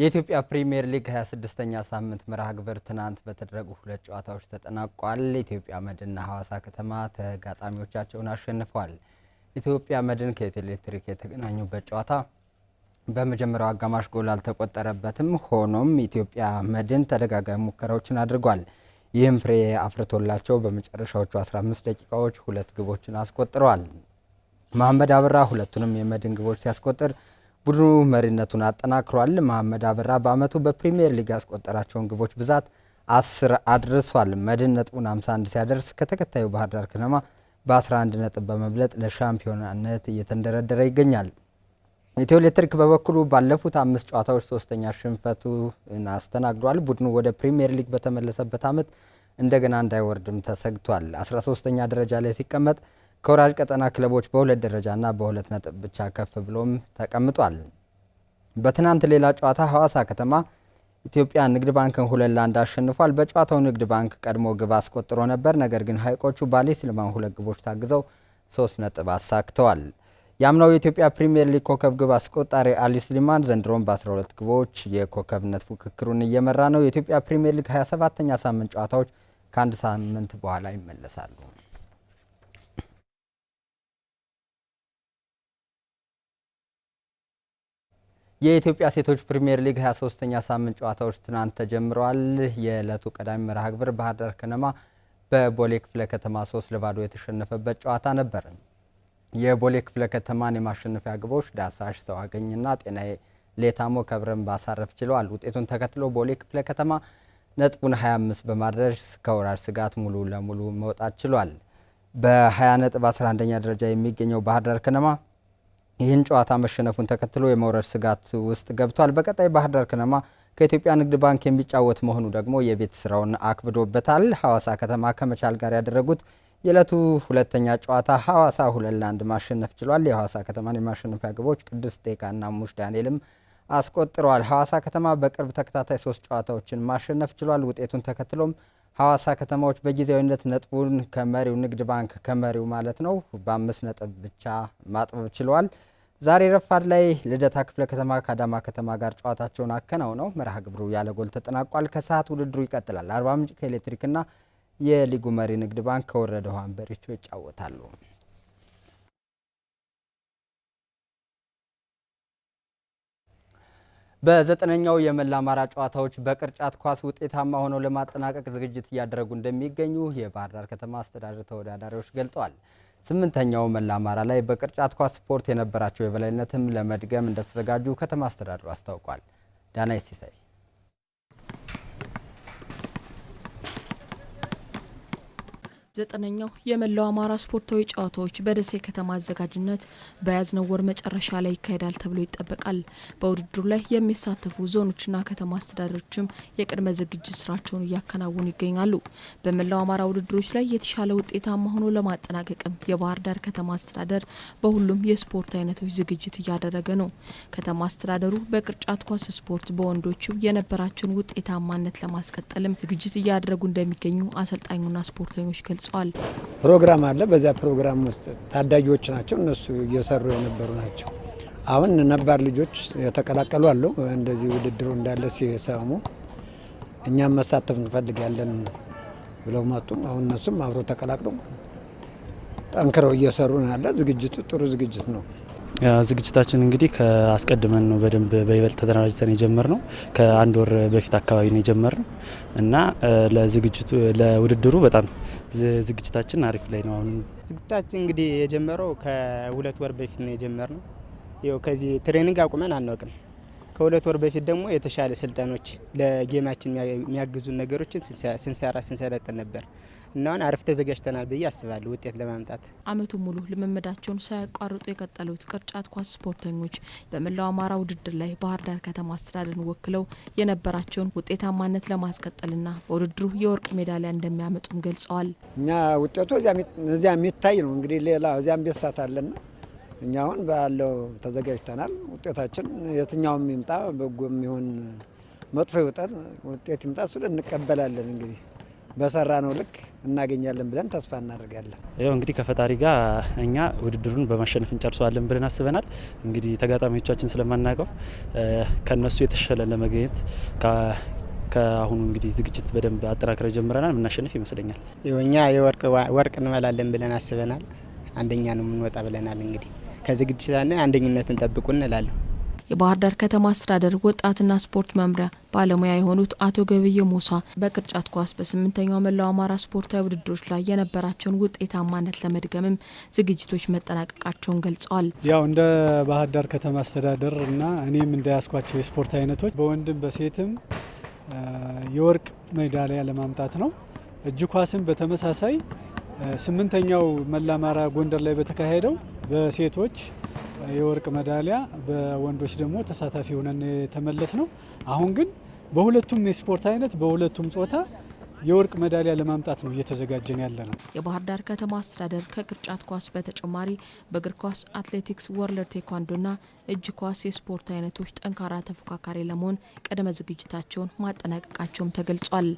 የኢትዮጵያ ፕሪሚየር ሊግ 26ኛ ሳምንት መርሃ ግብር ትናንት በተደረጉ ሁለት ጨዋታዎች ተጠናቋል። ኢትዮጵያ መድንና ሐዋሳ ከተማ ተጋጣሚዎቻቸውን አሸንፈዋል። ኢትዮጵያ መድን ከኢትዮ ኤሌክትሪክ የተገናኙበት ጨዋታ በመጀመሪያው አጋማሽ ጎል አልተቆጠረበትም። ሆኖም ኢትዮጵያ መድን ተደጋጋሚ ሙከራዎችን አድርጓል። ይህም ፍሬ አፍርቶላቸው በመጨረሻዎቹ 15 ደቂቃዎች ሁለት ግቦችን አስቆጥረዋል። መሐመድ አብራ ሁለቱንም የመድን ግቦች ሲያስቆጥር ቡድኑ መሪነቱን አጠናክሯል። መሐመድ አበራ በዓመቱ በፕሪምየር ሊግ ያስቆጠራቸውን ግቦች ብዛት አስር አድርሷል። መድን ነጥቡን 51 ሲያደርስ ከተከታዩ ባህር ዳር ከነማ በ11 ነጥብ በመብለጥ ለሻምፒዮናነት እየተንደረደረ ይገኛል። ኢትዮ ኤሌክትሪክ በበኩሉ ባለፉት አምስት ጨዋታዎች ሶስተኛ ሽንፈቱን አስተናግዷል። ቡድኑ ወደ ፕሪምየር ሊግ በተመለሰበት ዓመት እንደገና እንዳይወርድም ተሰግቷል። 13ኛ ደረጃ ላይ ሲቀመጥ ከወራጅ ቀጠና ክለቦች በሁለት ደረጃና በሁለት ነጥብ ብቻ ከፍ ብሎም ተቀምጧል። በትናንት ሌላ ጨዋታ ሐዋሳ ከተማ ኢትዮጵያ ንግድ ባንክን ሁለት ለአንድ አሸንፏል። በጨዋታው ንግድ ባንክ ቀድሞ ግብ አስቆጥሮ ነበር። ነገር ግን ሐይቆቹ ባሌ ስልማን ሁለት ግቦች ታግዘው ሶስት ነጥብ አሳክተዋል። የአምናው የኢትዮጵያ ፕሪምየር ሊግ ኮከብ ግብ አስቆጣሪ አሊ ስሊማን ዘንድሮም በ12 ግቦች የኮከብነት ፉክክሩን እየመራ ነው። የኢትዮጵያ ፕሪምየር ሊግ 27ኛ ሳምንት ጨዋታዎች ከአንድ ሳምንት በኋላ ይመለሳሉ። የኢትዮጵያ ሴቶች ፕሪምየር ሊግ 23ኛ ሳምንት ጨዋታዎች ትናንት ተጀምረዋል። የዕለቱ ቀዳሚ መርሃ ግብር ባህር ዳር ከነማ በቦሌ ክፍለ ከተማ ሶስት ለባዶ የተሸነፈበት ጨዋታ ነበር። የቦሌ ክፍለ ከተማን የማሸነፊያ ግቦች ዳሳሽ ሰዋገኝና ጤናዬ ሌታሞ ከብረን ባሳረፍ ችለዋል። ውጤቱን ተከትሎ ቦሌ ክፍለ ከተማ ነጥቡን 25 በማድረስ ከወራጅ ስጋት ሙሉ ለሙሉ መውጣት ችሏል። በ20 ነጥብ 11ኛ ደረጃ የሚገኘው ባህር ዳር ከነማ ይህን ጨዋታ መሸነፉን ተከትሎ የመውረድ ስጋት ውስጥ ገብቷል። በቀጣይ ባህር ዳር ከነማ ከኢትዮጵያ ንግድ ባንክ የሚጫወት መሆኑ ደግሞ የቤት ስራውን አክብዶበታል። ሐዋሳ ከተማ ከመቻል ጋር ያደረጉት የዕለቱ ሁለተኛ ጨዋታ ሐዋሳ ሁለት ለአንድ ማሸነፍ ችሏል። የሐዋሳ ከተማን የማሸነፊያ ግቦች ቅዱስ ጤካና ሙሽ ዳንኤልም አስቆጥረዋል። ሐዋሳ ከተማ በቅርብ ተከታታይ ሶስት ጨዋታዎችን ማሸነፍ ችሏል። ውጤቱን ተከትሎም ሐዋሳ ከተማዎች በጊዜያዊነት ነጥቡን ከመሪው ንግድ ባንክ ከመሪው ማለት ነው በአምስት ነጥብ ብቻ ማጥበብ ችለዋል። ዛሬ ረፋድ ላይ ልደታ ክፍለ ከተማ ከአዳማ ከተማ ጋር ጨዋታቸውን አከናውነው መርሃ ግብሩ ያለ ጎል ተጠናቋል። ከሰዓት ውድድሩ ይቀጥላል። አርባ ምንጭ ከኤሌክትሪክና የሊጉ መሪ ንግድ ባንክ ከወረደ ውሃን በሪቾ ይጫወታሉ። በዘጠነኛው የመላ አማራ ጨዋታዎች በቅርጫት ኳስ ውጤታማ ሆነው ለማጠናቀቅ ዝግጅት እያደረጉ እንደሚገኙ የባህር ዳር ከተማ አስተዳደር ተወዳዳሪዎች ገልጠዋል። ስምንተኛው መላ አማራ ላይ በቅርጫት ኳስ ስፖርት የነበራቸው የበላይነትም ለመድገም እንደተዘጋጁ ከተማ አስተዳደሩ አስታውቋል። ዳናይስ ሲሳይ ዘጠነኛው የመላው አማራ ስፖርታዊ ጨዋታዎች በደሴ ከተማ አዘጋጅነት በያዝነው ወር መጨረሻ ላይ ይካሄዳል ተብሎ ይጠበቃል። በውድድሩ ላይ የሚሳተፉ ዞኖችና ከተማ አስተዳደሮችም የቅድመ ዝግጅት ስራቸውን እያከናወኑ ይገኛሉ። በመላው አማራ ውድድሮች ላይ የተሻለ ውጤታማ ሆኖ ለማጠናቀቅም የባህር ዳር ከተማ አስተዳደር በሁሉም የስፖርት አይነቶች ዝግጅት እያደረገ ነው። ከተማ አስተዳደሩ በቅርጫት ኳስ ስፖርት በወንዶቹ የነበራቸውን ውጤታማነት ለማስቀጠልም ዝግጅት እያደረጉ እንደሚገኙ አሰልጣኙና ስፖርተኞች ገልጸዋል። ገልጿል። ፕሮግራም አለ። በዚያ ፕሮግራም ውስጥ ታዳጊዎች ናቸው እነሱ እየሰሩ የነበሩ ናቸው። አሁን ነባር ልጆች የተቀላቀሉ አሉ። እንደዚህ ውድድሩ እንዳለ ሲሰሙ እኛም መሳተፍ እንፈልጋለን ብለው መጡ። አሁን እነሱም አብሮ ተቀላቅለው ጠንክረው እየሰሩ ነው ያለ። ዝግጅቱ ጥሩ ዝግጅት ነው። ዝግጅታችን እንግዲህ ከአስቀድመን ነው በደንብ በይበልጥ ተደራጅተን የጀመር ነው። ከአንድ ወር በፊት አካባቢ ነው የጀመር ነው እና ለዝግጅቱ ለውድድሩ በጣም ዝግጅታችን አሪፍ ላይ ነው። አሁን ዝግጅታችን እንግዲህ የጀመረው ከሁለት ወር በፊት ነው የጀመር ነው። ይኸው ከዚህ ትሬኒንግ አቁመን አናውቅም። ከሁለት ወር በፊት ደግሞ የተሻለ ስልጠኖች ለጌማችን የሚያግዙን ነገሮችን ስንሰራ ስንሰለጥን ነበር። እና አሁን አሪፍ ተዘጋጅተናል ብዬ አስባለሁ ውጤት ለማምጣት። አመቱን ሙሉ ልምምዳቸውን ሳያቋርጡ የቀጠሉት ቅርጫት ኳስ ስፖርተኞች በመላው አማራ ውድድር ላይ ባህር ዳር ከተማ አስተዳደርን ወክለው የነበራቸውን ውጤታማነት ለማስቀጠልና በውድድሩ የወርቅ ሜዳሊያ እንደሚያመጡም ገልጸዋል። እኛ ውጤቱ እዚያ የሚታይ ነው እንግዲህ ሌላ እዚያም ቤሳት አለና እኛ አሁን ባለው ተዘጋጅተናል። ውጤታችን የትኛውም ይምጣ በጎ የሚሆን መጥፎ ይውጣት ውጤት ይምጣ እሱን እንቀበላለን እንግዲህ በሰራ ነው ልክ እናገኛለን ብለን ተስፋ እናደርጋለን። ያው እንግዲህ ከፈጣሪ ጋር እኛ ውድድሩን በማሸነፍ እንጨርሰዋለን ብለን አስበናል። እንግዲህ ተጋጣሚዎቻችን ስለማናውቀው ከነሱ የተሻለ ለመገኘት ከአሁኑ እንግዲህ ዝግጅት በደንብ አጠራክረ ጀምረናል። የምናሸንፍ ይመስለኛል። እኛ ወርቅ እንበላለን ብለን አስበናል። አንደኛ ነው የምንወጣ ብለናል። እንግዲህ ከዝግጅት አንደኝነትን ጠብቁ እንላለን። የባህር ዳር ከተማ አስተዳደር ወጣትና ስፖርት መምሪያ ባለሙያ የሆኑት አቶ ገብየ ሞሳ በቅርጫት ኳስ በስምንተኛው መላው አማራ ስፖርታዊ ውድድሮች ላይ የነበራቸውን ውጤታማነት ለመድገምም ዝግጅቶች መጠናቀቃቸውን ገልጸዋል። ያው እንደ ባህር ዳር ከተማ አስተዳደር እና እኔም እንዳያስኳቸው የስፖርት አይነቶች በወንድም በሴትም የወርቅ ሜዳሊያ ለማምጣት ነው። እጅ ኳስም በተመሳሳይ ስምንተኛው መላ አማራ ጎንደር ላይ በተካሄደው በሴቶች የወርቅ መዳሊያ በወንዶች ደግሞ ተሳታፊ ሆነን የተመለስ ነው። አሁን ግን በሁለቱም የስፖርት አይነት በሁለቱም ጾታ የወርቅ ሜዳሊያ ለማምጣት ነው እየተዘጋጀን ያለ ነው። የባህር ዳር ከተማ አስተዳደር ከቅርጫት ኳስ በተጨማሪ በእግር ኳስ፣ አትሌቲክስ፣ ወርለድ ቴኳንዶና እጅ ኳስ የስፖርት አይነቶች ጠንካራ ተፎካካሪ ለመሆን ቅድመ ዝግጅታቸውን ማጠናቀቃቸውም ተገልጿል።